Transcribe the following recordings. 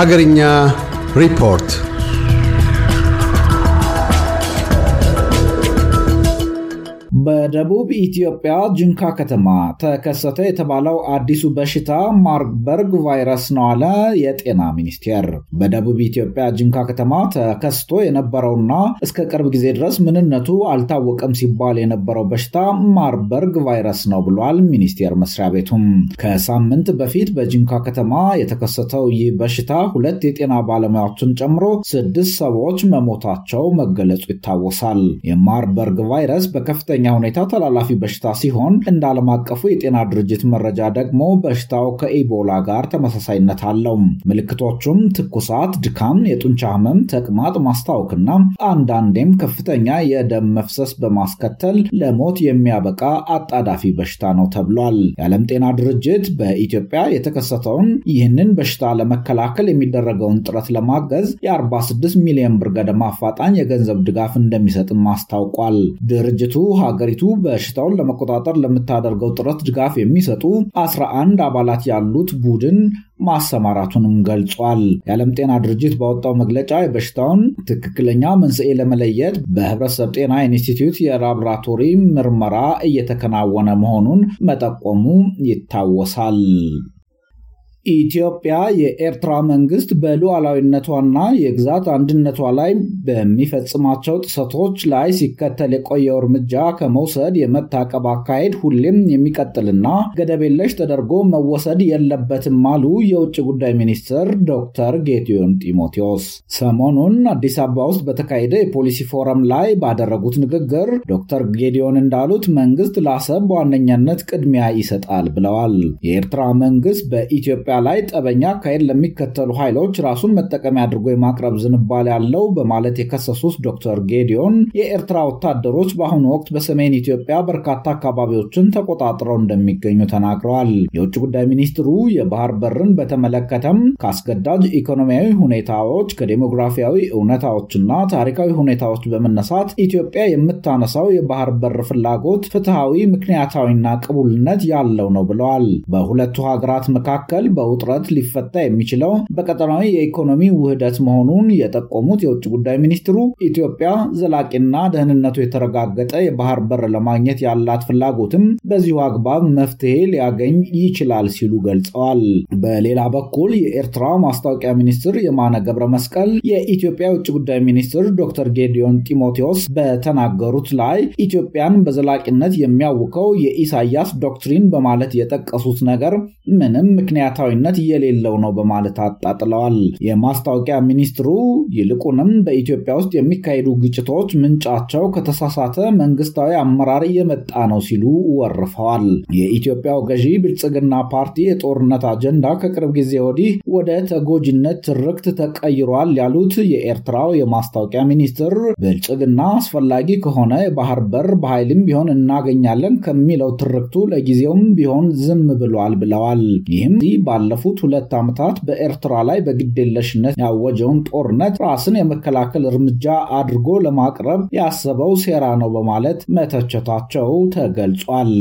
Hagarinya Report. በ በደቡብ ኢትዮጵያ ጅንካ ከተማ ተከሰተ የተባለው አዲሱ በሽታ ማርበርግ ቫይረስ ነው አለ የጤና ሚኒስቴር። በደቡብ ኢትዮጵያ ጅንካ ከተማ ተከስቶ የነበረውና እስከ ቅርብ ጊዜ ድረስ ምንነቱ አልታወቀም ሲባል የነበረው በሽታ ማርበርግ ቫይረስ ነው ብሏል ሚኒስቴር መስሪያ ቤቱም። ከሳምንት በፊት በጅንካ ከተማ የተከሰተው ይህ በሽታ ሁለት የጤና ባለሙያዎችን ጨምሮ ስድስት ሰዎች መሞታቸው መገለጹ ይታወሳል። የማርበርግ ቫይረስ በከፍተኛ ሁኔታ ተላላፊ በሽታ ሲሆን እንደ ዓለም አቀፉ የጤና ድርጅት መረጃ ደግሞ በሽታው ከኢቦላ ጋር ተመሳሳይነት አለው። ምልክቶቹም ትኩሳት፣ ድካም፣ የጡንቻ ህመም፣ ተቅማጥ፣ ማስታወክና አንዳንዴም ከፍተኛ የደም መፍሰስ በማስከተል ለሞት የሚያበቃ አጣዳፊ በሽታ ነው ተብሏል። የዓለም ጤና ድርጅት በኢትዮጵያ የተከሰተውን ይህንን በሽታ ለመከላከል የሚደረገውን ጥረት ለማገዝ የ46 ሚሊዮን ብር ገደማ አፋጣኝ የገንዘብ ድጋፍ እንደሚሰጥም አስታውቋል። ድርጅቱ ሀገሪቱ በሽታውን ለመቆጣጠር ለምታደርገው ጥረት ድጋፍ የሚሰጡ 11 አባላት ያሉት ቡድን ማሰማራቱንም ገልጿል። የዓለም ጤና ድርጅት ባወጣው መግለጫ የበሽታውን ትክክለኛ መንስኤ ለመለየት በህብረተሰብ ጤና ኢንስቲትዩት የላብራቶሪ ምርመራ እየተከናወነ መሆኑን መጠቆሙ ይታወሳል። ኢትዮጵያ የኤርትራ መንግስት በሉዓላዊነቷና የግዛት አንድነቷ ላይ በሚፈጽማቸው ጥሰቶች ላይ ሲከተል የቆየው እርምጃ ከመውሰድ የመታቀብ አካሄድ ሁሌም የሚቀጥልና ገደብ የለሽ ተደርጎ መወሰድ የለበትም አሉ የውጭ ጉዳይ ሚኒስትር ዶክተር ጌዲዮን ጢሞቴዎስ። ሰሞኑን አዲስ አበባ ውስጥ በተካሄደ የፖሊሲ ፎረም ላይ ባደረጉት ንግግር ዶክተር ጌዲዮን እንዳሉት መንግስት ለአሰብ በዋነኛነት ቅድሚያ ይሰጣል ብለዋል። የኤርትራ መንግስት በኢትዮጵያ በኢትዮጵያ ላይ ጠበኛ አካሄድ ለሚከተሉ ኃይሎች ራሱን መጠቀሚያ አድርጎ የማቅረብ ዝንባሌ ያለው በማለት የከሰሱት ዶክተር ጌዲዮን የኤርትራ ወታደሮች በአሁኑ ወቅት በሰሜን ኢትዮጵያ በርካታ አካባቢዎችን ተቆጣጥረው እንደሚገኙ ተናግረዋል። የውጭ ጉዳይ ሚኒስትሩ የባህር በርን በተመለከተም ከአስገዳጅ ኢኮኖሚያዊ ሁኔታዎች ከዴሞግራፊያዊ እውነታዎችና ታሪካዊ ሁኔታዎች በመነሳት ኢትዮጵያ የምታነሳው የባህር በር ፍላጎት ፍትሐዊ፣ ምክንያታዊና ቅቡልነት ያለው ነው ብለዋል። በሁለቱ ሀገራት መካከል በውጥረት ሊፈታ የሚችለው በቀጠናዊ የኢኮኖሚ ውህደት መሆኑን የጠቆሙት የውጭ ጉዳይ ሚኒስትሩ ኢትዮጵያ ዘላቂና ደህንነቱ የተረጋገጠ የባህር በር ለማግኘት ያላት ፍላጎትም በዚሁ አግባብ መፍትሄ ሊያገኝ ይችላል ሲሉ ገልጸዋል። በሌላ በኩል የኤርትራ ማስታወቂያ ሚኒስትር የማነ ገብረ መስቀል የኢትዮጵያ የውጭ ጉዳይ ሚኒስትር ዶክተር ጌዲዮን ጢሞቴዎስ በተናገሩት ላይ ኢትዮጵያን በዘላቂነት የሚያውከው የኢሳያስ ዶክትሪን በማለት የጠቀሱት ነገር ምንም ምክንያታዊ ተግባራዊነት የሌለው ነው በማለት አጣጥለዋል። የማስታወቂያ ሚኒስትሩ ይልቁንም በኢትዮጵያ ውስጥ የሚካሄዱ ግጭቶች ምንጫቸው ከተሳሳተ መንግስታዊ አመራር የመጣ ነው ሲሉ ወርፈዋል። የኢትዮጵያው ገዢ ብልጽግና ፓርቲ የጦርነት አጀንዳ ከቅርብ ጊዜ ወዲህ ወደ ተጎጂነት ትርክት ተቀይሯል ያሉት የኤርትራው የማስታወቂያ ሚኒስትር ብልጽግና አስፈላጊ ከሆነ የባህር በር በኃይልም ቢሆን እናገኛለን ከሚለው ትርክቱ ለጊዜውም ቢሆን ዝም ብሏል ብለዋል። ይህም ባለ ባለፉት ሁለት ዓመታት በኤርትራ ላይ በግዴለሽነት ያወጀውን ጦርነት ራስን የመከላከል እርምጃ አድርጎ ለማቅረብ ያሰበው ሴራ ነው በማለት መተቸታቸው ተገልጿል።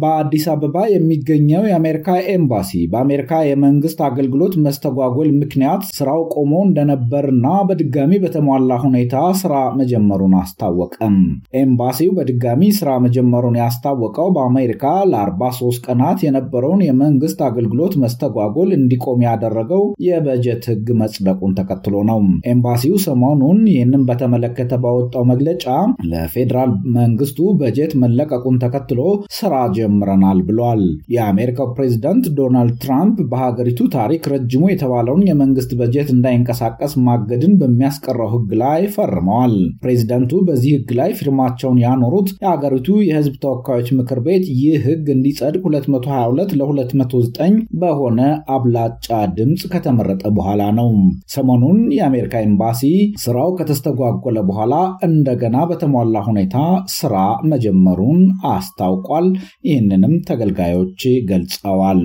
በአዲስ አበባ የሚገኘው የአሜሪካ ኤምባሲ በአሜሪካ የመንግስት አገልግሎት መስተጓጎል ምክንያት ስራው ቆሞ እንደነበርና በድጋሚ በተሟላ ሁኔታ ስራ መጀመሩን አስታወቀም። ኤምባሲው በድጋሚ ስራ መጀመሩን ያስታወቀው በአሜሪካ ለ43 ቀናት የነበረውን የመንግስት አገልግሎት መስተጓጎል እንዲቆም ያደረገው የበጀት ህግ መጽደቁን ተከትሎ ነው። ኤምባሲው ሰሞኑን ይህንን በተመለከተ ባወጣው መግለጫ ለፌዴራል መንግስቱ በጀት መለቀቁን ተከትሎ ስራ ጀምረናል ብለዋል። የአሜሪካው ፕሬዚዳንት ዶናልድ ትራምፕ በሀገሪቱ ታሪክ ረጅሙ የተባለውን የመንግስት በጀት እንዳይንቀሳቀስ ማገድን በሚያስቀረው ህግ ላይ ፈርመዋል። ፕሬዚዳንቱ በዚህ ህግ ላይ ፊርማቸውን ያኖሩት የሀገሪቱ የህዝብ ተወካዮች ምክር ቤት ይህ ህግ እንዲጸድቅ 222 ለ209 በሆነ አብላጫ ድምፅ ከተመረጠ በኋላ ነው። ሰሞኑን የአሜሪካ ኤምባሲ ስራው ከተስተጓጎለ በኋላ እንደገና በተሟላ ሁኔታ ስራ መጀመሩን አስታውቋል። ይህንንም ተገልጋዮች ገልጸዋል።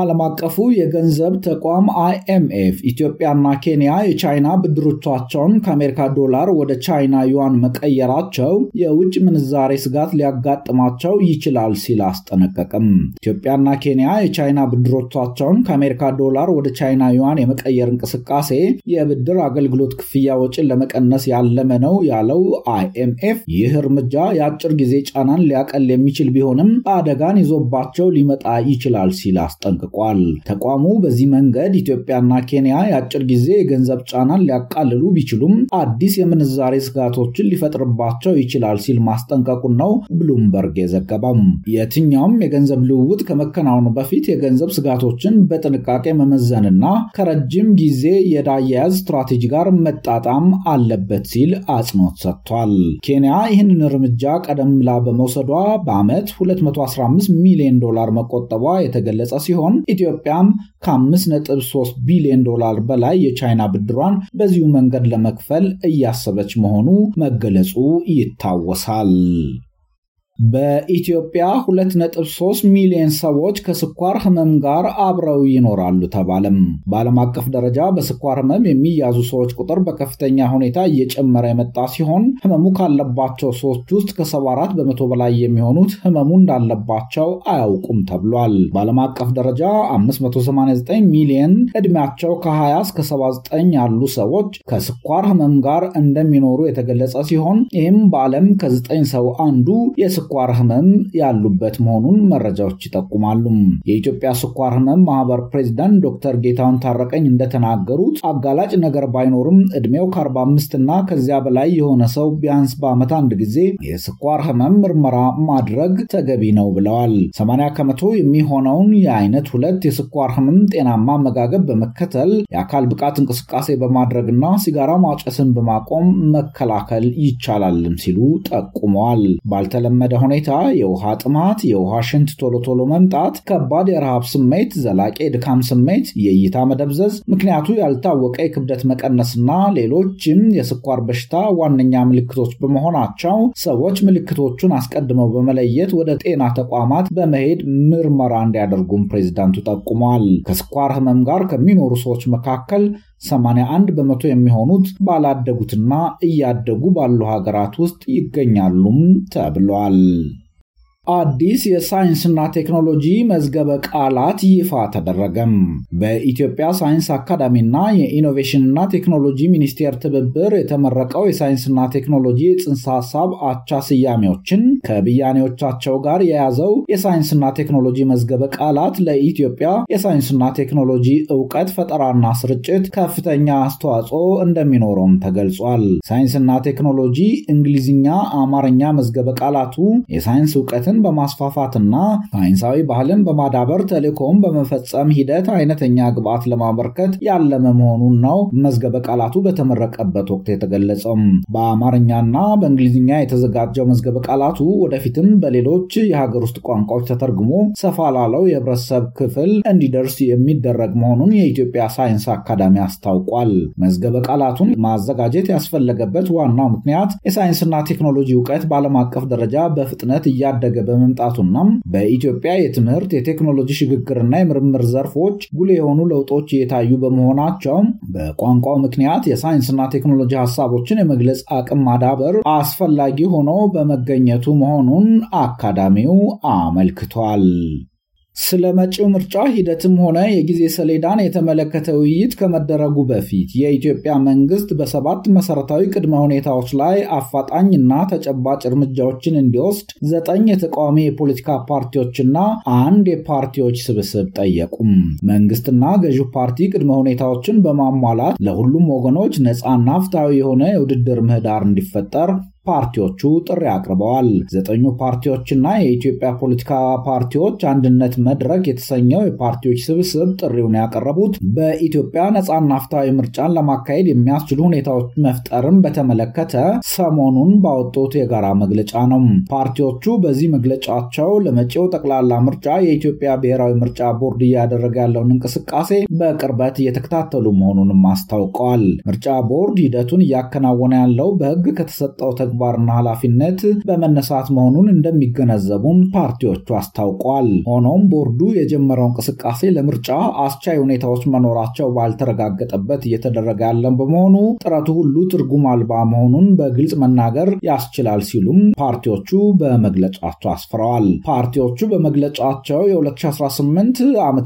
ዓለም አቀፉ የገንዘብ ተቋም አይኤምኤፍ ኢትዮጵያና ኬንያ የቻይና ብድሮቻቸውን ከአሜሪካ ዶላር ወደ ቻይና ዩዋን መቀየራቸው የውጭ ምንዛሬ ስጋት ሊያጋጥማቸው ይችላል ሲል አስጠነቀቅም። ኢትዮጵያና ኬንያ የቻይና ብድሮቻቸውን ከአሜሪካ ዶላር ወደ ቻይና ዩዋን የመቀየር እንቅስቃሴ የብድር አገልግሎት ክፍያ ወጪን ለመቀነስ ያለመ ነው ያለው አይኤምኤፍ ይህ እርምጃ የአጭር ጊዜ ጫናን ሊያቀል የሚችል ቢሆንም አደጋን ይዞባቸው ሊመጣ ይችላል ሲል አስጠንቅቋል። አስጠንቅቋል። ተቋሙ በዚህ መንገድ ኢትዮጵያና ኬንያ የአጭር ጊዜ የገንዘብ ጫናን ሊያቃልሉ ቢችሉም አዲስ የምንዛሬ ስጋቶችን ሊፈጥርባቸው ይችላል ሲል ማስጠንቀቁን ነው ብሉምበርግ የዘገበም። የትኛውም የገንዘብ ልውውጥ ከመከናወኑ በፊት የገንዘብ ስጋቶችን በጥንቃቄ መመዘንና ከረጅም ጊዜ የዕዳ አያያዝ ስትራቴጂ ጋር መጣጣም አለበት ሲል አጽንኦት ሰጥቷል። ኬንያ ይህንን እርምጃ ቀደም ብላ በመውሰዷ በዓመት 215 ሚሊዮን ዶላር መቆጠቧ የተገለጸ ሲሆን ሲሆን ኢትዮጵያም ከ5.3 ቢሊዮን ዶላር በላይ የቻይና ብድሯን በዚሁ መንገድ ለመክፈል እያሰበች መሆኑ መገለጹ ይታወሳል። በኢትዮጵያ 2.3 ሚሊዮን ሰዎች ከስኳር ህመም ጋር አብረው ይኖራሉ ተባለም። በዓለም አቀፍ ደረጃ በስኳር ህመም የሚያዙ ሰዎች ቁጥር በከፍተኛ ሁኔታ እየጨመረ የመጣ ሲሆን ህመሙ ካለባቸው ሰዎች ውስጥ ከ74 በመቶ በላይ የሚሆኑት ህመሙ እንዳለባቸው አያውቁም ተብሏል። በዓለም አቀፍ ደረጃ 589 ሚሊዮን ዕድሜያቸው ከ20 እስከ 79 ያሉ ሰዎች ከስኳር ህመም ጋር እንደሚኖሩ የተገለጸ ሲሆን ይህም በዓለም ከ9 ሰው አንዱ የስኳር ስኳር ህመም ያሉበት መሆኑን መረጃዎች ይጠቁማሉ። የኢትዮጵያ ስኳር ህመም ማህበር ፕሬዚዳንት ዶክተር ጌታውን ታረቀኝ እንደተናገሩት አጋላጭ ነገር ባይኖርም እድሜው ከ45 እና ከዚያ በላይ የሆነ ሰው ቢያንስ በዓመት አንድ ጊዜ የስኳር ህመም ምርመራ ማድረግ ተገቢ ነው ብለዋል። 80 ከመቶ የሚሆነውን የአይነት ሁለት የስኳር ህመም ጤናማ አመጋገብ በመከተል የአካል ብቃት እንቅስቃሴ በማድረግና ሲጋራ ማጨስን በማቆም መከላከል ይቻላልም ሲሉ ጠቁመዋል። ባልተለመደ ሁኔታ፣ የውሃ ጥማት፣ የውሃ ሽንት ቶሎ ቶሎ መምጣት፣ ከባድ የረሃብ ስሜት፣ ዘላቂ የድካም ስሜት፣ የእይታ መደብዘዝ፣ ምክንያቱ ያልታወቀ የክብደት መቀነስና ሌሎችም የስኳር በሽታ ዋነኛ ምልክቶች በመሆናቸው ሰዎች ምልክቶቹን አስቀድመው በመለየት ወደ ጤና ተቋማት በመሄድ ምርመራ እንዲያደርጉም ፕሬዚዳንቱ ጠቁመዋል። ከስኳር ህመም ጋር ከሚኖሩ ሰዎች መካከል 81 በመቶ የሚሆኑት ባላደጉትና እያደጉ ባሉ ሀገራት ውስጥ ይገኛሉም ተብሏል። አዲስ የሳይንስና ቴክኖሎጂ መዝገበ ቃላት ይፋ ተደረገም። በኢትዮጵያ ሳይንስ አካዳሚና የኢኖቬሽንና ቴክኖሎጂ ሚኒስቴር ትብብር የተመረቀው የሳይንስና ቴክኖሎጂ ጽንሰ ሀሳብ አቻ ስያሜዎችን ከብያኔዎቻቸው ጋር የያዘው የሳይንስና ቴክኖሎጂ መዝገበ ቃላት ለኢትዮጵያ የሳይንስና ቴክኖሎጂ እውቀት ፈጠራና ስርጭት ከፍተኛ አስተዋጽኦ እንደሚኖረውም ተገልጿል። ሳይንስና ቴክኖሎጂ እንግሊዝኛ፣ አማርኛ መዝገበ ቃላቱ የሳይንስ እውቀትን ባህልን በማስፋፋትና ሳይንሳዊ ባህልን በማዳበር ተልእኮውን በመፈጸም ሂደት አይነተኛ ግብዓት ለማበርከት ያለመ መሆኑን ነው መዝገበ ቃላቱ በተመረቀበት ወቅት የተገለጸው። በአማርኛና በእንግሊዝኛ የተዘጋጀው መዝገበ ቃላቱ ወደፊትም በሌሎች የሀገር ውስጥ ቋንቋዎች ተተርጉሞ ሰፋ ላለው የህብረተሰብ ክፍል እንዲደርስ የሚደረግ መሆኑን የኢትዮጵያ ሳይንስ አካዳሚ አስታውቋል። መዝገበ ቃላቱን ማዘጋጀት ያስፈለገበት ዋናው ምክንያት የሳይንስና ቴክኖሎጂ እውቀት በዓለም አቀፍ ደረጃ በፍጥነት እያደገ በመምጣቱና በኢትዮጵያ የትምህርት የቴክኖሎጂ ሽግግርና የምርምር ዘርፎች ጉል የሆኑ ለውጦች እየታዩ በመሆናቸው በቋንቋው ምክንያት የሳይንስና ቴክኖሎጂ ሀሳቦችን የመግለጽ አቅም ማዳበር አስፈላጊ ሆኖ በመገኘቱ መሆኑን አካዳሚው አመልክቷል። ስለ መጪው ምርጫ ሂደትም ሆነ የጊዜ ሰሌዳን የተመለከተ ውይይት ከመደረጉ በፊት የኢትዮጵያ መንግስት በሰባት መሰረታዊ ቅድመ ሁኔታዎች ላይ አፋጣኝና ተጨባጭ እርምጃዎችን እንዲወስድ ዘጠኝ የተቃዋሚ የፖለቲካ ፓርቲዎችና አንድ የፓርቲዎች ስብስብ ጠየቁም። መንግስትና ገዢው ፓርቲ ቅድመ ሁኔታዎችን በማሟላት ለሁሉም ወገኖች ነፃና ፍትሐዊ የሆነ የውድድር ምህዳር እንዲፈጠር ፓርቲዎቹ ጥሪ አቅርበዋል። ዘጠኙ ፓርቲዎችና የኢትዮጵያ ፖለቲካ ፓርቲዎች አንድነት መድረክ የተሰኘው የፓርቲዎች ስብስብ ጥሪውን ያቀረቡት በኢትዮጵያ ነፃና ፍትሐዊ ምርጫን ለማካሄድ የሚያስችሉ ሁኔታዎች መፍጠርን በተመለከተ ሰሞኑን ባወጡት የጋራ መግለጫ ነው። ፓርቲዎቹ በዚህ መግለጫቸው ለመጪው ጠቅላላ ምርጫ የኢትዮጵያ ብሔራዊ ምርጫ ቦርድ እያደረገ ያለውን እንቅስቃሴ በቅርበት እየተከታተሉ መሆኑንም አስታውቀዋል። ምርጫ ቦርድ ሂደቱን እያከናወነ ያለው በሕግ ከተሰጠው ተግባርና ኃላፊነት በመነሳት መሆኑን እንደሚገነዘቡም ፓርቲዎቹ አስታውቋል። ሆኖም ቦርዱ የጀመረው እንቅስቃሴ ለምርጫ አስቻይ ሁኔታዎች መኖራቸው ባልተረጋገጠበት እየተደረገ ያለን በመሆኑ ጥረቱ ሁሉ ትርጉም አልባ መሆኑን በግልጽ መናገር ያስችላል ሲሉም ፓርቲዎቹ በመግለጫቸው አስፍረዋል። ፓርቲዎቹ በመግለጫቸው የ2018 ዓ ም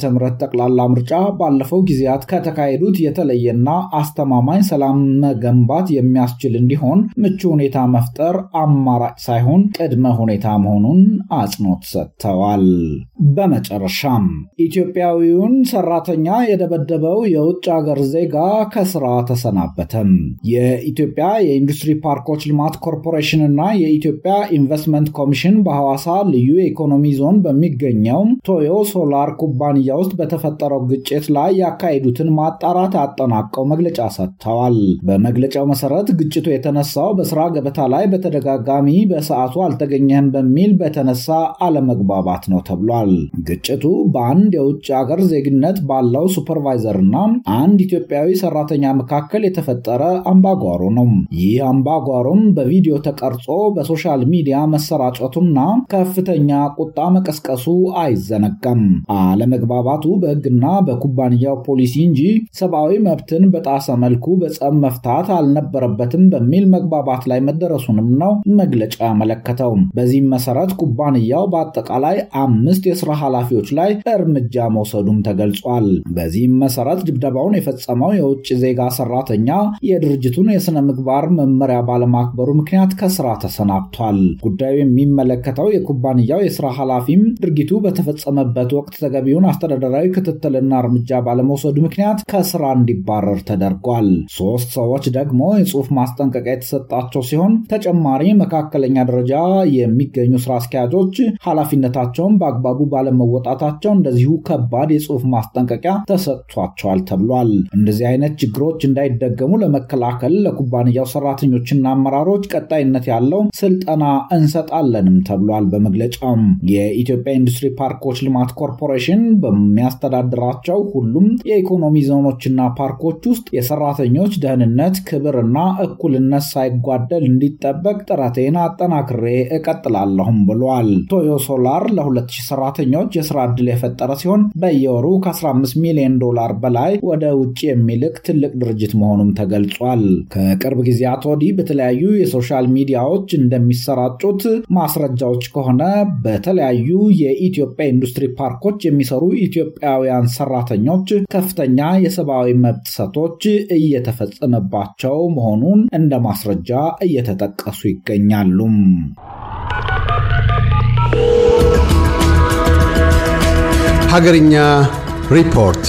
ጠቅላላ ምርጫ ባለፈው ጊዜያት ከተካሄዱት የተለየና አስተማማኝ ሰላም መገንባት የሚያስችል እንዲሆን ምቹ ሁኔታ መፍጠር አማራጭ ሳይሆን ቅድመ ሁኔታ መሆኑን አጽንኦት ሰጥተዋል። በመጨረሻም ኢትዮጵያዊውን ሰራተኛ የደበደበው የውጭ አገር ዜጋ ከስራ ተሰናበተም። የኢትዮጵያ የኢንዱስትሪ ፓርኮች ልማት ኮርፖሬሽንና የኢትዮጵያ ኢንቨስትመንት ኮሚሽን በሐዋሳ ልዩ የኢኮኖሚ ዞን በሚገኘው ቶዮ ሶላር ኩባንያ ውስጥ በተፈጠረው ግጭት ላይ ያካሄዱትን ማጣራት አጠናቀው መግለጫ ሰጥተዋል። በመግለጫው መሰረት ግጭቱ የተነሳው በስራ ገበታ ላይ በተደጋጋሚ በሰዓቱ አልተገኘህም በሚል በተነሳ አለመግባባት ነው ተብሏል። ግጭቱ በአንድ የውጭ አገር ዜግነት ባለው ሱፐርቫይዘርና አንድ ኢትዮጵያዊ ሰራተኛ መካከል የተፈጠረ አምባጓሮ ነው። ይህ አምባጓሮም በቪዲዮ ተቀርጾ በሶሻል ሚዲያ መሰራጨቱና ከፍተኛ ቁጣ መቀስቀሱ አይዘነጋም። አለመግባባቱ በሕግና በኩባንያው ፖሊሲ እንጂ ሰብአዊ መብትን በጣሰ መልኩ በጸብ መፍታት አልነበረበትም በሚል መግባባት ላይ መደረሱ መድረሱንም ነው መግለጫ ያመለከተው። በዚህም መሰረት ኩባንያው በአጠቃላይ አምስት የስራ ኃላፊዎች ላይ እርምጃ መውሰዱም ተገልጿል። በዚህም መሰረት ድብደባውን የፈጸመው የውጭ ዜጋ ሰራተኛ የድርጅቱን የስነ ምግባር መመሪያ ባለማክበሩ ምክንያት ከስራ ተሰናብቷል። ጉዳዩ የሚመለከተው የኩባንያው የስራ ኃላፊም ድርጊቱ በተፈጸመበት ወቅት ተገቢውን አስተዳደራዊ ክትትልና እርምጃ ባለመውሰዱ ምክንያት ከስራ እንዲባረር ተደርጓል። ሶስት ሰዎች ደግሞ የጽሑፍ ማስጠንቀቂያ የተሰጣቸው ሲሆን ተጨማሪ መካከለኛ ደረጃ የሚገኙ ስራ አስኪያጆች ኃላፊነታቸውን በአግባቡ ባለመወጣታቸው እንደዚሁ ከባድ የጽሁፍ ማስጠንቀቂያ ተሰጥቷቸዋል ተብሏል። እንደዚህ አይነት ችግሮች እንዳይደገሙ ለመከላከል ለኩባንያው ሰራተኞችና አመራሮች ቀጣይነት ያለው ስልጠና እንሰጣለንም ተብሏል። በመግለጫም የኢትዮጵያ ኢንዱስትሪ ፓርኮች ልማት ኮርፖሬሽን በሚያስተዳድራቸው ሁሉም የኢኮኖሚ ዞኖችና ፓርኮች ውስጥ የሰራተኞች ደህንነት፣ ክብርና እኩልነት ሳይጓደል እንዲ እንዲጠበቅ ጥረቴን አጠናክሬ እቀጥላለሁም ብሏል። ቶዮ ሶላር ለ2000 ሰራተኞች የስራ ዕድል የፈጠረ ሲሆን በየወሩ ከ15 ሚሊዮን ዶላር በላይ ወደ ውጭ የሚልክ ትልቅ ድርጅት መሆኑም ተገልጿል። ከቅርብ ጊዜያት ወዲህ በተለያዩ የሶሻል ሚዲያዎች እንደሚሰራጩት ማስረጃዎች ከሆነ በተለያዩ የኢትዮጵያ ኢንዱስትሪ ፓርኮች የሚሰሩ ኢትዮጵያውያን ሰራተኞች ከፍተኛ የሰብአዊ መብት ጥሰቶች እየተፈጸመባቸው መሆኑን እንደ ማስረጃ እየተ እየተጠቀሱ ይገኛሉ። ሀገርኛ ሪፖርት